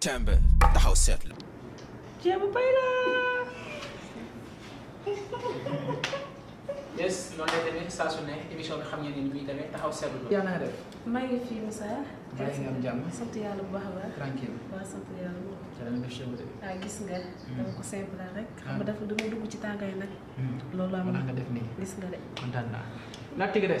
tembe the house settler. Jambo Paila. yes noonu lay demee saa su ne émission bi xam ngeen ni muy demee taxaw seetlu la. yaa naa def. maa ngi fi Moussa. maa ngi am jàmm. sant yàlla bu baax a tranquille. waaw sant yàlla bu baax. yàlla de. ah gis nga. dama ko simple rek. xam nga dafa dama dugg ci nga def gis nga de.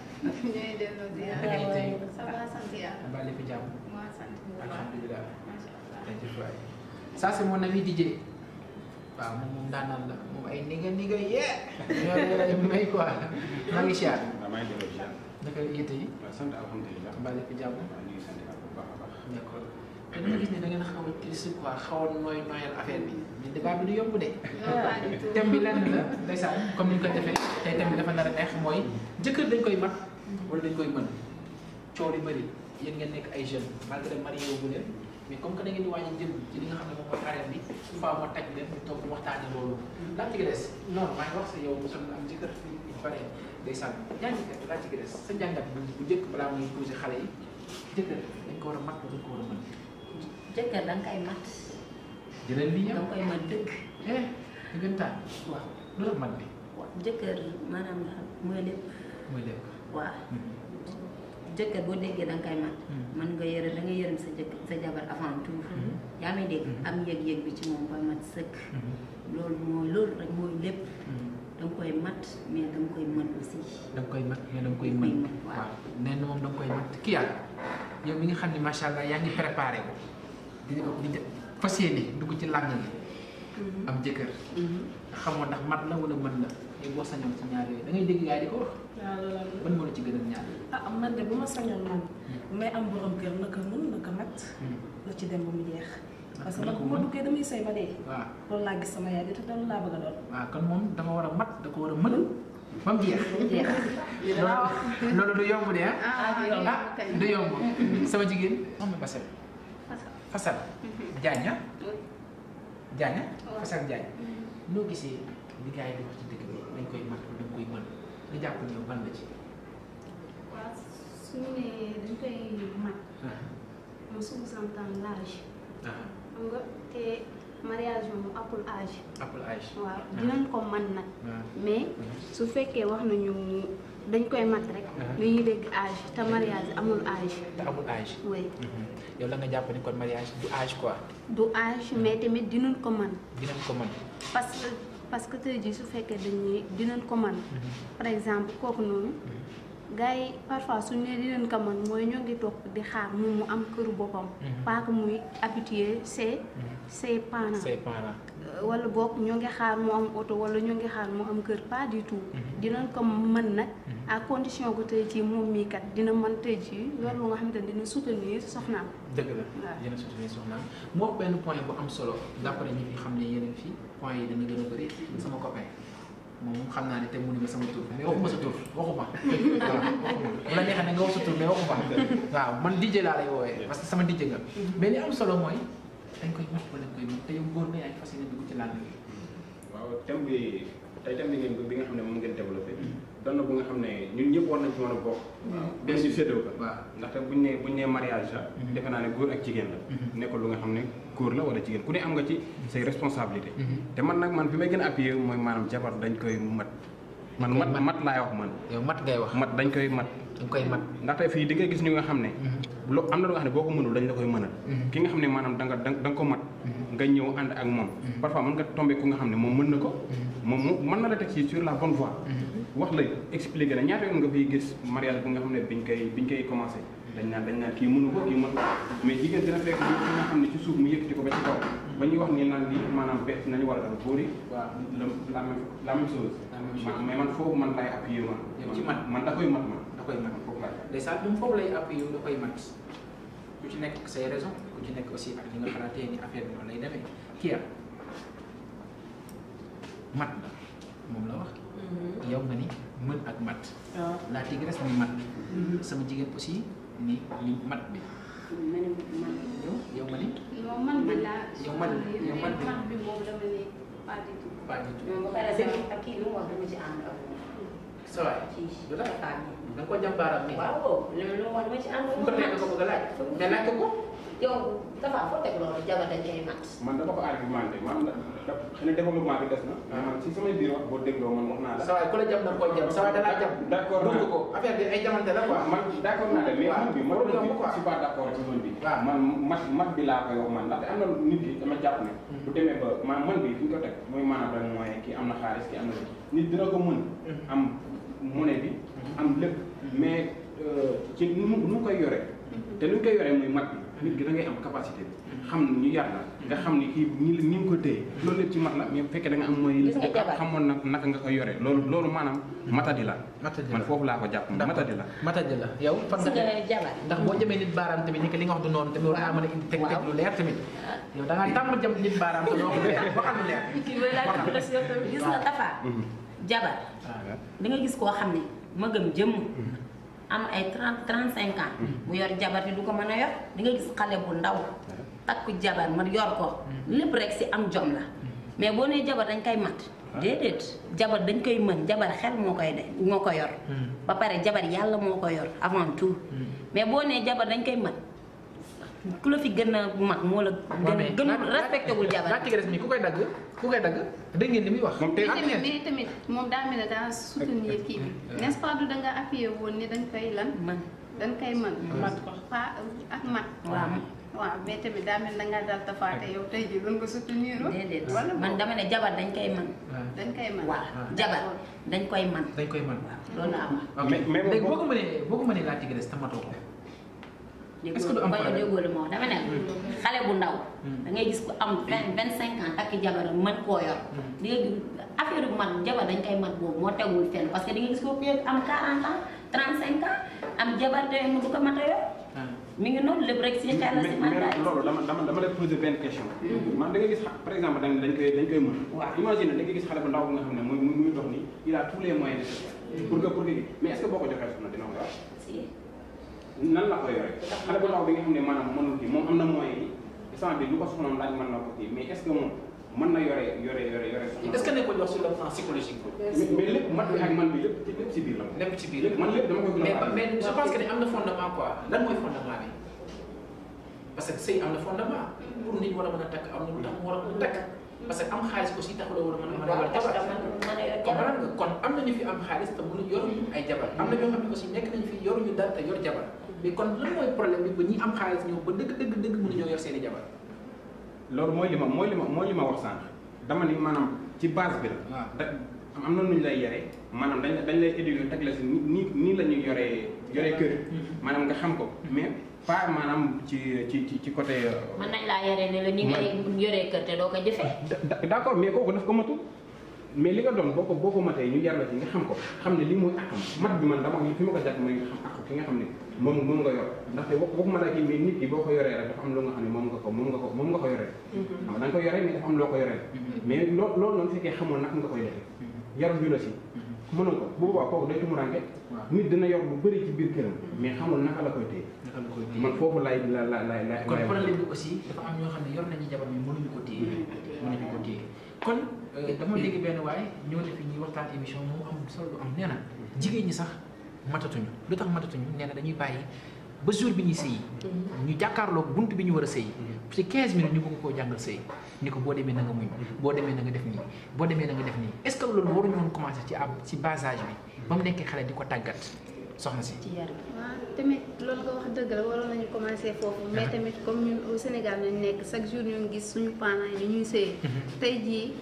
ñooy delloo ziar. ça va sant yàlla. maa ngi sant bu baax alhamdulilah. macha allah ça c'est mon ami DJ. moom moom daanaan la moom ay ni nga yee. may quoi maa ngi ziar. waaw maa naka yite yi. waaw sant alhamdulilah. maa fi jàmm. waaw ñu ngi a dama gis ne da ngeen a xaw a triste quoi xaw a nooy nooyal affaire bi mais bi du yomb de. Ah, thème bi lenn la ndeysaan comme ni ñu koy defee tey bi dafa nar a mooy jëkkër dañ koy mat wala dañ koy mën coow li bëri yéen ngeen nekk ay jeunes malgré marié wu comme que da ngeen di waaj a jëm ci li nga xam ne moom mooy arène bi souvent moo taj leen ñu toog waxtaane loolu. lan ci des non maa ngi wax sa yow mosoon na am jëkkër fi ñu paree sa njàngat bu njëkk balaa muy poser xale yi jëkkër dañ ko war a mat dañ ko war a mën jëkkër da nga koy mat. jëleen bi ñëw da koy mat dëgg. eh dëggantaan. waaw lu mat bi. waaw jëkkër maanaam mooy lépp. mooy lépp waaw. Hmm. jëkkër boo déggee da nga koy mat. Hmm. mën nga da nga yërëm sa jëkk sa hmm. ci moom loolu mooy loolu rek mooy lépp. koy mat mais da koy mën aussi. da koy mat mais da koy mën. waaw nee moom da koy mat kii yàlla yow mi nga xam ne macha allah yaa ngi préparé di fas yéene dugg ci làng gi am jëkkër xamoo ndax mat la wala benda. la yow boo sañoon ci ñaar yooyu da ngay dégg gaa yi wax ban moo ci gënal ñaar ah man de bu ma sañoon man may am borom kër naka mun naka mat la ci dem ba mu jeex parce que ma duggee damay gis sama yaay di te loolu laa bëgg a doon waaw kon moom da nga mat da ko war a mën ba mu jeex loolu du yomb de ah du yomb sama jigéen moom ba Fassal. Diagne Diagne Fassal Diagne. noo gisee li gars yi ci dëkk bi dañ koy mat dañ koy mën nga jàpp ne yow ban la ci. waaw su ñu nee dañ koy mat. on sous-entend l'âge. te mariage moom appul âge. appul âge waaw ah. dinañ ko mën nag. Ah. mais ah. su fekkee wax nañu. dañ koy mat rek. li ñuy dégg âge te mariage amul âge. te amul age oui. Mhm. yow la nga jàpp ni mariage du âge quoi. du âge mhm. mais tamit dinañ ko mën. dinañ ko mën. parce que parce que tey jii su fekkee dañuy dinañ ko mhm. par exemple kooku noonu. gars yi parfois suñu nee dinañ ko mën mooy ñoo ngi toog di xaar moom mu am këru boppam. pas que muy habitué ses. ses parents. wala bok ñu ngi xaar mu am auto wala ñu ngi xaar mu am kër pas du tout mhm. dinañ ko mën nak mhm. à condition ko tay ci mom mi kat dina mën tay ci lolu nga xamanteni dina soutenir soxna deug la dina soutenir soxna mu wax benn point bu am solo d'après ñi fi xam ne yeneen fi point yi dana gëna bari sama copain moom xam naa ne te mu ne ma sama tur mais waxuma sa tur waxuma bu la neexee nga wax sa tur mais waxuma waaw man DJ laa lay woowee parce que sama DJ nga mhm. mais li am solo mooy dañ koy ñàkk wala dañ koy mën te yow góor nga yaa ngi fas yéene dugg ci làmb bi. Mm-hmm. waaw thème bi nga xam ne moom ngeen développé. Mm-hmm. doon na bu nga xam ne ñun ñëpp war nañ ci mën a bokk. waaw bien sûr féetewoo ko. waaw ndaxte buñ nee buñ nee mariage la. Mm-hmm. defe naa ne góor ak jigéen la. nekkul lu nga xam ne góor la wala jigéen ku ne am nga ci say responsabilité. te man nag man fi may gën a appuyer mooy maanaam jabar dañ koy mat. man mat mat laay wax man. yow mat wax. mat dañ koy mat. dañ koy mat ndaxte fii di gis ñu nga xam ne. lo amna lo xamne boko mënul dañ la koy mënal mhm. ki nga xamne manam da nga da nga ko mat mhm. nga ñëw and ak mom mhm. parfois mën nga tomber ku nga xamne mom mën nako mom moom mën na la tek ci sur la bonne voie wax lay expliquer la ñaata yoon nga fay gis mariage bu nga xamne biñ kay biñ kay commencer dañ na dañ na ki mënu ko ki mënu ko mais jigéen dina fekk ci nga xamne ci suuf mu yëkkati ko ba ci kaw ba ñuy wax ni nan li manam bett nañu war dal boori yi la même la même chose mais man fofu man lay appuyer man ci mat man da koy mat man da koy mat ndeysaan bi mu foofu lay appui yow da koy mat ku ci nekk say raison ku ci nekk aussi ak li nga xalaatee ni affaire bi noonu lay demee kii mat la moom la wax yow nga ni mën ak mat oh. la tigresse mm-hmm. ni mat sama jigéen aussi ni li mat bi yow yow yow man bi la yow man yow man bi mat bi moom dama ne pas du tout pas du tout ba pare ak kii lu mu wax dama ci ànd ak ça va lu tax nga ko jam baaraam nii. waaw waaw li ma la ko teg ko bëgg a laaj. mais laaj ko ko. yow dafa foo man ko argumenté man xëy na développement bi des na. man si samay biir boo dégloo man wax naa la. sa waay ku la jam da nga sa ko affaire bi man d' accord naa man bi man je suis pas d' accord ci zone bi. waaw mat bi laa koy wax man ndaxte am na nit ki dama jàpp ne. demee ba man man bi fi ñu ko teg mooy maanaam rek kii am na xaalis kii am na nit dina ko mën bi am lépp mais euh, ci nu nu koy yore te nu ñu koy yoree muy mag bi nit ki da am capacité bi xam ni ñu yar nga xam ni kii ñi ñi ngi ko téye loolu lépp ci mat la mais bu fekkee da nga am mooy xamoon na naka nga koy yoree loolu loolu maanaam matadi la man foofu laa ko jàpp matadi la matadi la yow fan jabar ndax boo jëmee nit baaraam tamit ni que li nga wax du noonu tamit war ngaa leer tamit yow da ngaa tàmm jëm nit baaraam te doo ko leer waxal lu leer gis mhm. ah, nga dafa jabar gis koo xam ne ma gëm jëmm mm-hmm. am ay trente trente cinq bu mm-hmm. yor jabar bi du ko mën a yor di nga gis xale bu ndaw mm-hmm. takku jabar ma yor ko lépp rek si am jom la mais boo nee jabar dañ koy mat ah. déedéet jabar dañ koy mën jabar xel moo koy de moo ko yor ba pare jabar yàlla moo ko yor avant tout mais boo nee jabar dañ koy mat ku la fi gën a mag moo la. gën gën respecté wul jabar. daa tigres mi ku koy dagg ku koy dagg dégg li muy wax. moom tey tamit moom daa mel daa kii bi. n'est-ce pas du da woon ne dañ koy lan man dañ koy man mat ko pas mais tamit daa mel ne da ngaa dal yow tey jii doon nga soutenir. déedéet man dama ne jabar dañ koy man dañ koy man waaw jabar dañ koy man dañ koy man waaw loolu la am. Ah, mais boo ko mënee boo ko mënee laa tigres tamatoo ko. est-ce que du am problème déggoo déggoo dama ne xale bu ndaw. Hmm. da ngay gis ku am vingt vingt cinq ans bu hmm. mat jabar dañ koy mat boobu moo tegul fenn parce que di nga a yor. Hmm. mi ngi la man daal da ngay gis par exemple dañ dañ xale bu ndaw nga xam ne mooy muy dox nii il a tous les moyens nécessaires. pour que pour que mais est boo ko joxee soxna dina ko nan la ko yoy xala bu ndaw bi nga xamne manam maanaam mënul kii moom am na moyen yi instant bi lu ko soxla laaj man nako ko mais est ce que man na yoré yoré yoré yoré est ce que ko wax sur le plan psychologique mais lepp mat bi ak man bi lepp ci lepp ci bir la lepp ci bir man lepp dama ko mais mais je pense que ni amna fondement quoi lan moy fondement bi parce que sey amna fondement pour nit war mëna tak amna takk am na lu tax mu war a mën parce que am xaliss aussi taxul a war mëna mën a mën a war kon am ñu fi am xaliss te mënu yor ay jabar amna ñu xamni ko ci nek nañ fi yor ñu dara te yor jabar mais kon lan mooy problème bi ba ñi am xaalis ñëw ba dëgg dëgg dëgg mënuñoo yor seen i loolu mooy li ma mooy li ma mooy li ma wax sànq dama ni maanaam ci base bi la. Ah. da am na nu ñu lay yore maanaam dañ dañ lay éduquer teg la si nii nii la ñuy yoree yoree kër. Mm-hmm. maanaam nga xam ko mm-hmm. mais. pas maanaam ci ci ci ci côté. Euh, mën nañ laa yore ne la ni ngay yoree kër te doo ko jëfee. d' accord mais kooku daf ko matul. mais li nga doon boo ko boo ko matee ñu yar la ci nga xam ko xam ne lii mooy akam mat bi man dama fi ma ko jàpp mooy nga xam ki nga xam ne moom moom nga yor ndaxte boo boo ko mën nit ki boo ko yoree rek dafa am loo moom nga ko moom nga ko moom nga ko yoree mhm. xam da mais dafa am loo ko yoree mhm. mais loo loolu noonu fekkee xamoon nag nga ko yoree mhm. yaru bi la si mënoon ko bu boobaa kooku day tumuranke nit dina yor bu bëri ci biir këram mais xamoon naka la koy téye man foofu laay la la la la. kon problème aussi dafa am ñoo xam ne yor nañu jabar mi ko téye. Mm-hmm. ko kon euh, dama dégg benn waay ñoo na fi ñuy waxtaan émission mu am solo lu am nee jigéen ñi sax matatuñu lu tax matatuñu nee na dañuy bàyyi ba jour bi ñuy sëyi mm-hmm. ñu jàkkaarloog bunt bi ñu war a sëyi mm-hmm. ci 15 minutes ñu bëgg koo jàngal sëy ni ko boo demee na muñ boo demee na nga def nii boo demee na nga def nii est-ce que loolu waruñu woon commencé ci ab ci basage bi ba mu nekkee xale di ko tàggat soxna si. ci yar bi tamit loolu nga wax dëgg la waroon nañu commencé foofu. mais tamit comme ñun au Sénégal nañu nekk chaque jour ñu gis suñu parents yi ñuy sëy. tey jii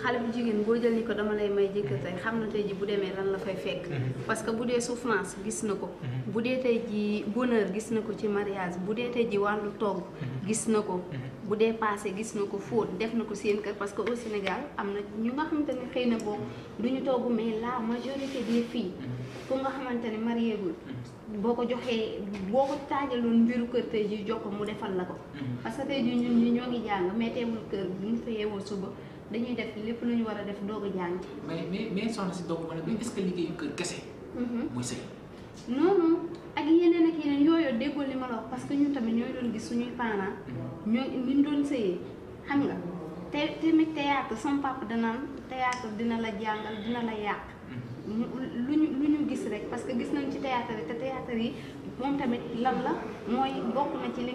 xale bu jigéen boo jël ni ko dama lay may jëkkër tey xam na tey jii bu demee lan la fay fekk. parce que bu dee souffrance gis na ko. bu dee tey jii bonheur gis na ko ci mariage bu dee tey jii wàllu togg. gis na ko. bu dee passé gis na ko fóot def na ko seen kër parce que au Sénégal am na ñu nga xamante ne xëy na boobu du ñu togg mais la majorité des ku nga xamante ne mariéegul mm-hmm. boo ko joxee boo ko taajaloon mbiru kër tey jii jox ko mu defal la ko mm-hmm. parce que tey jii ñu ñoo ngi jàng mais teewul kër bu ñu fa yeewoo suba dañuy def lépp lu ñu war a def doog a jàng mais mais mais soxna si doog ma ne est-ce liggéeyu kër kese mm-hmm. muy sëy noonu ak yeneen ak yeneen yooyu déggoo li ma la wax parce que ñun tamit ñooy doon gis suñuy parents ñoo ñu doon sëyee xam nga te tamit théâtre sama papa danaan théâtre dina la jàngal dina la yàq lu ñu parce que gis nañ théâtre théâtre yi tamit la bokk na ci li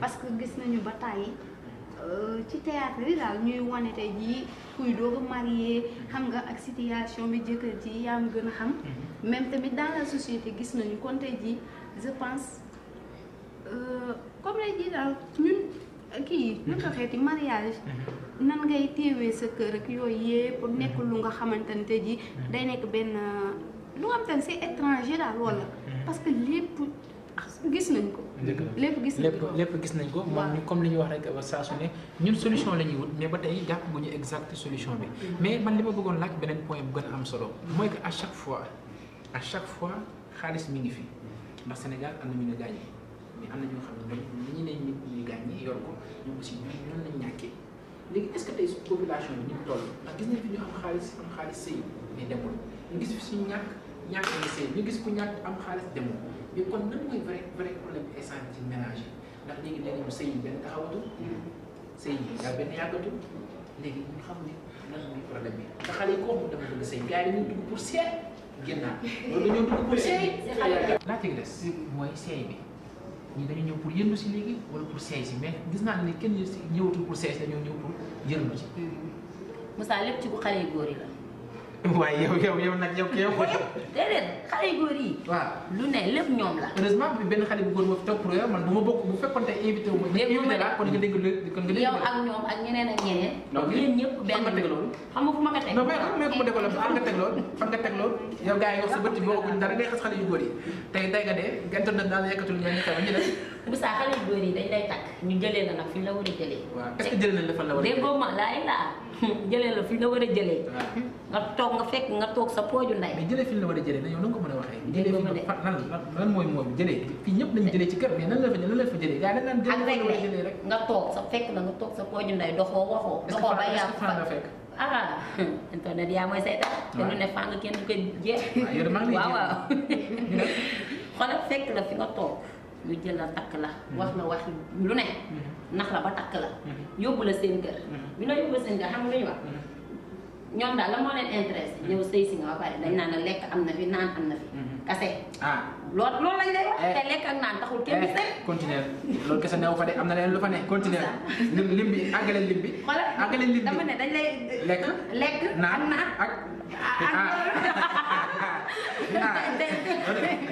parce que gis nañu euh, théâtre yi ñuy des qui kuy marié xam nga ak situation bi mm-hmm. même dans la société gis nañu kon je pense euh, comme lay kii nu ko xeeti mariage mhm. nan ngay téewee sa kër ak yooyu yëpp nekk mhm. lu nga xamantante ji mhm. day nek ben eh, lu nga xamante c'est étranger daal wala parce que lepp ah, gis nañ ko lepp gis nañ ko lépp gis nañ ko moom ñu comme li wax rek saa su ne ñun solution la ñuy wut mais ba tay jàpp bu exact solution bi mais man li ma bëggoon laaj beneen point bu gën am solo moy que à chaque fois à chaque fois xaalis mi ngi fi ndax Sénégal am na ñu ne gaañee mais am na ñoo xam ne ñoom li ñu ne ñuy gàññi yor ko ñoom aussi ñoom ñoom lañ ñàkkee léegi est-ce que tey population bi ñu toll ndax gis nañ fi ñu am xaalis am xaalis sëy mais demul ñu gis fi suñu ñàkk ñàkk nga sëy ñu gis ku ñàkk am xaalis demul mais kon nan mooy vrai vrai problème essence ci ménage yi ndax léegi nee nañu sëy yi benn taxawatul sëy yi daa benn yàggatul léegi ñu xam ne lan mooy problème bi ndax xale yi koo xam dama bëgg sëy gars yi dañuy dugg pour seet génnaat loolu dañoo dugg pour seey laajte gi des mooy seey bi ñi dañu ñëw pour yëndu si léegi wala pour seey si mais gis naa ni kenn ñëwatul pour seey si dañoo ñëw pour yëndu si. Moussa lépp ci bu xale yu góor yi la. waaye yow yow yow nag yow kii yow. déedéet xale yu góor lu ne lépp ñoom la. heureusement benn xale bu gor moo fi toog bu ma bokk bu fekkoon te invité wu ma. déglu ma la kon nga dégg kon nga dégg yow ak ñoom ak ñeneen ak ñeneen. donc yéen ñëpp benn nga teg loolu. xam nga fu ma ko teg non mais xam nga fu ma développé fan nga teg yow gars yi wax sa bët yi boo ko buñ dara ngay xas xale yu góor yi tey dee nga internet daal yekkatul ñoom ñu xew ñu def Moussa xale yu góor yi dañ lay takk ñu jëlee la nag fi ñu la war a jëlee. waaw que jëlee nañ la a jëlee déggoo ma la fi ñu war a jëlee. toog nga nga toog sa pooju nday. mais jëlee fi ñu a jëlee na yow nan a waxee. déggoo ma de lan lan mooy mooy jëlee fii ñëpp lañ jëlee ci kër mais nan la fa nan la fa toog sa fekk la nga toog sa pooju nday doxoo waxoo. doxoo ba yaa fa ah internet yaa mooy saytaan. te lu ne faa nga kenn du ko jeex. waaw waaw xoolal fekk la fi nga toog ñu jël la takk la mm-hmm. wax la wax lu ne mm-hmm. nax la ba takk la mm-hmm. yóbbu la seen kër bi noo yóbbu la seen kër xam nga lu ñu wax ñoom daal la moo leen intéressé ñëw sëy si nga ba pare dañ naan la lekk am na fi naan am na fi kase ah loolu loolu lañ lay wax eh. te lekk ak naan taxul kenn gis eh, rek continuer loolu kese neew fa de am na leen lu fa ne continuer lim lim bi àggale lim bi xoolal àggale lim bi dama ne dañ lay lekk lekk naan ak ak ah, ah. ah.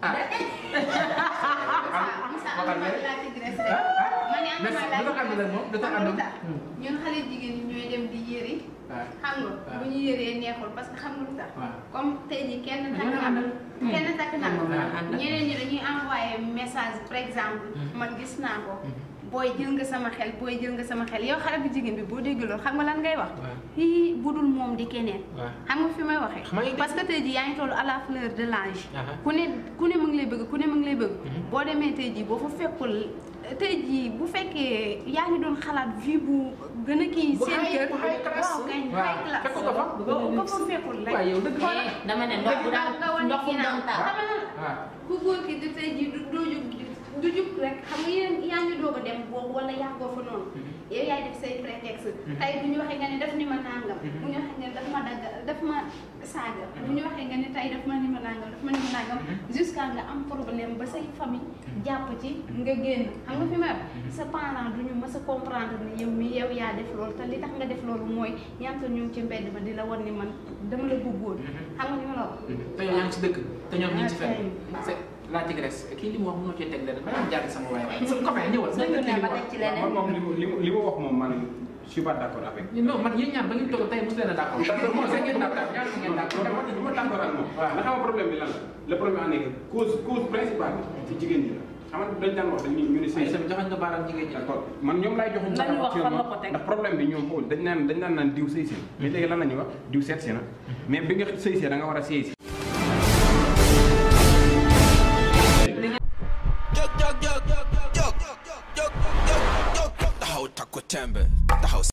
a ah. ñun xale jigéen ñi ñooy dem di yëri. xam nga bu ñu yëree neexul parce que xam nga lu comme tey jii kenn takk na kenn takk na ñeneen ñi message par exemple hmm. man gis naa ko. Hmm. booy jël nga sama xel booy jël nga sama xel yow xale bu jigéen bi boo dégg loolu xam nga lan ngay wax. fii dul moom di keneen. xam nga fi may waxee. parce que tey jii yaa ngi toll à la fleur de l'âge. Ah ah. ku ne ku ne mu ngi lay bëgg ku ne mu ngi lay bëgg. Mm-hmm. boo demee tey jii boo fa fekkul tey jii bu fekkee yaa ngi doon xalaat vie bu gën a kii. seen kër bu ay waaw kay ay classe. ko fa fekkul rek. waaw yow dëgg la eh, dama ne ndox bu daan ndox bu daan taa. ku góor ki tey jii doo du jub rek xam nga yéen yaa ngi doog a dem boobu wala yàggoo fa noonu. Mm-hmm. yow yaay def say prétexte. Mm-hmm. tey bu ñu waxee nga ne daf ni ma nangam. Mm-hmm. bu ñu nga ma dagg daf ma saaga. bu ñu waxee nga ne tey daf ma ni ma nangam daf ma ni ma nangam. nga am problème ba say famille jàpp ci nga génn xam nga fi ma sa parent du ñu ma a comprendre ne yow mi yow yaa def loolu te li tax nga def loolu mooy ñaata ñu ci mbedd ma dina la wan ni man dama la bëggoon. xam nga ni ma la te yow yaa ngi ci dëkk te ñoom ñu ngi ci laa ci gres kii li mu wax mënoo cee teg leneen may jàng sama waay qui est copain ñëwal sa man moom li li ma wax moom man je suis pas d'accord avec non man yéen ñaar ba ngeen qui tey mos leen a d'accord d'accord moo sa ngeen d'accord ñaar ngeen d'accord man du qui d'accord ak moom waaw xam problème bi lan la le problème en est que cause cause principale ci jigéen ñi xam nga dañ daan wax dañ ñu ni sama joxañ nga baaram jigéen ñi d'accord man ñoom laay joxuñ baaram wax fan la ko teg ndax problème bi ñoom dañ naan dañ naan naan diw sëy si mais léegi lan la wax diw seet na mais bi nga sëy da nga war a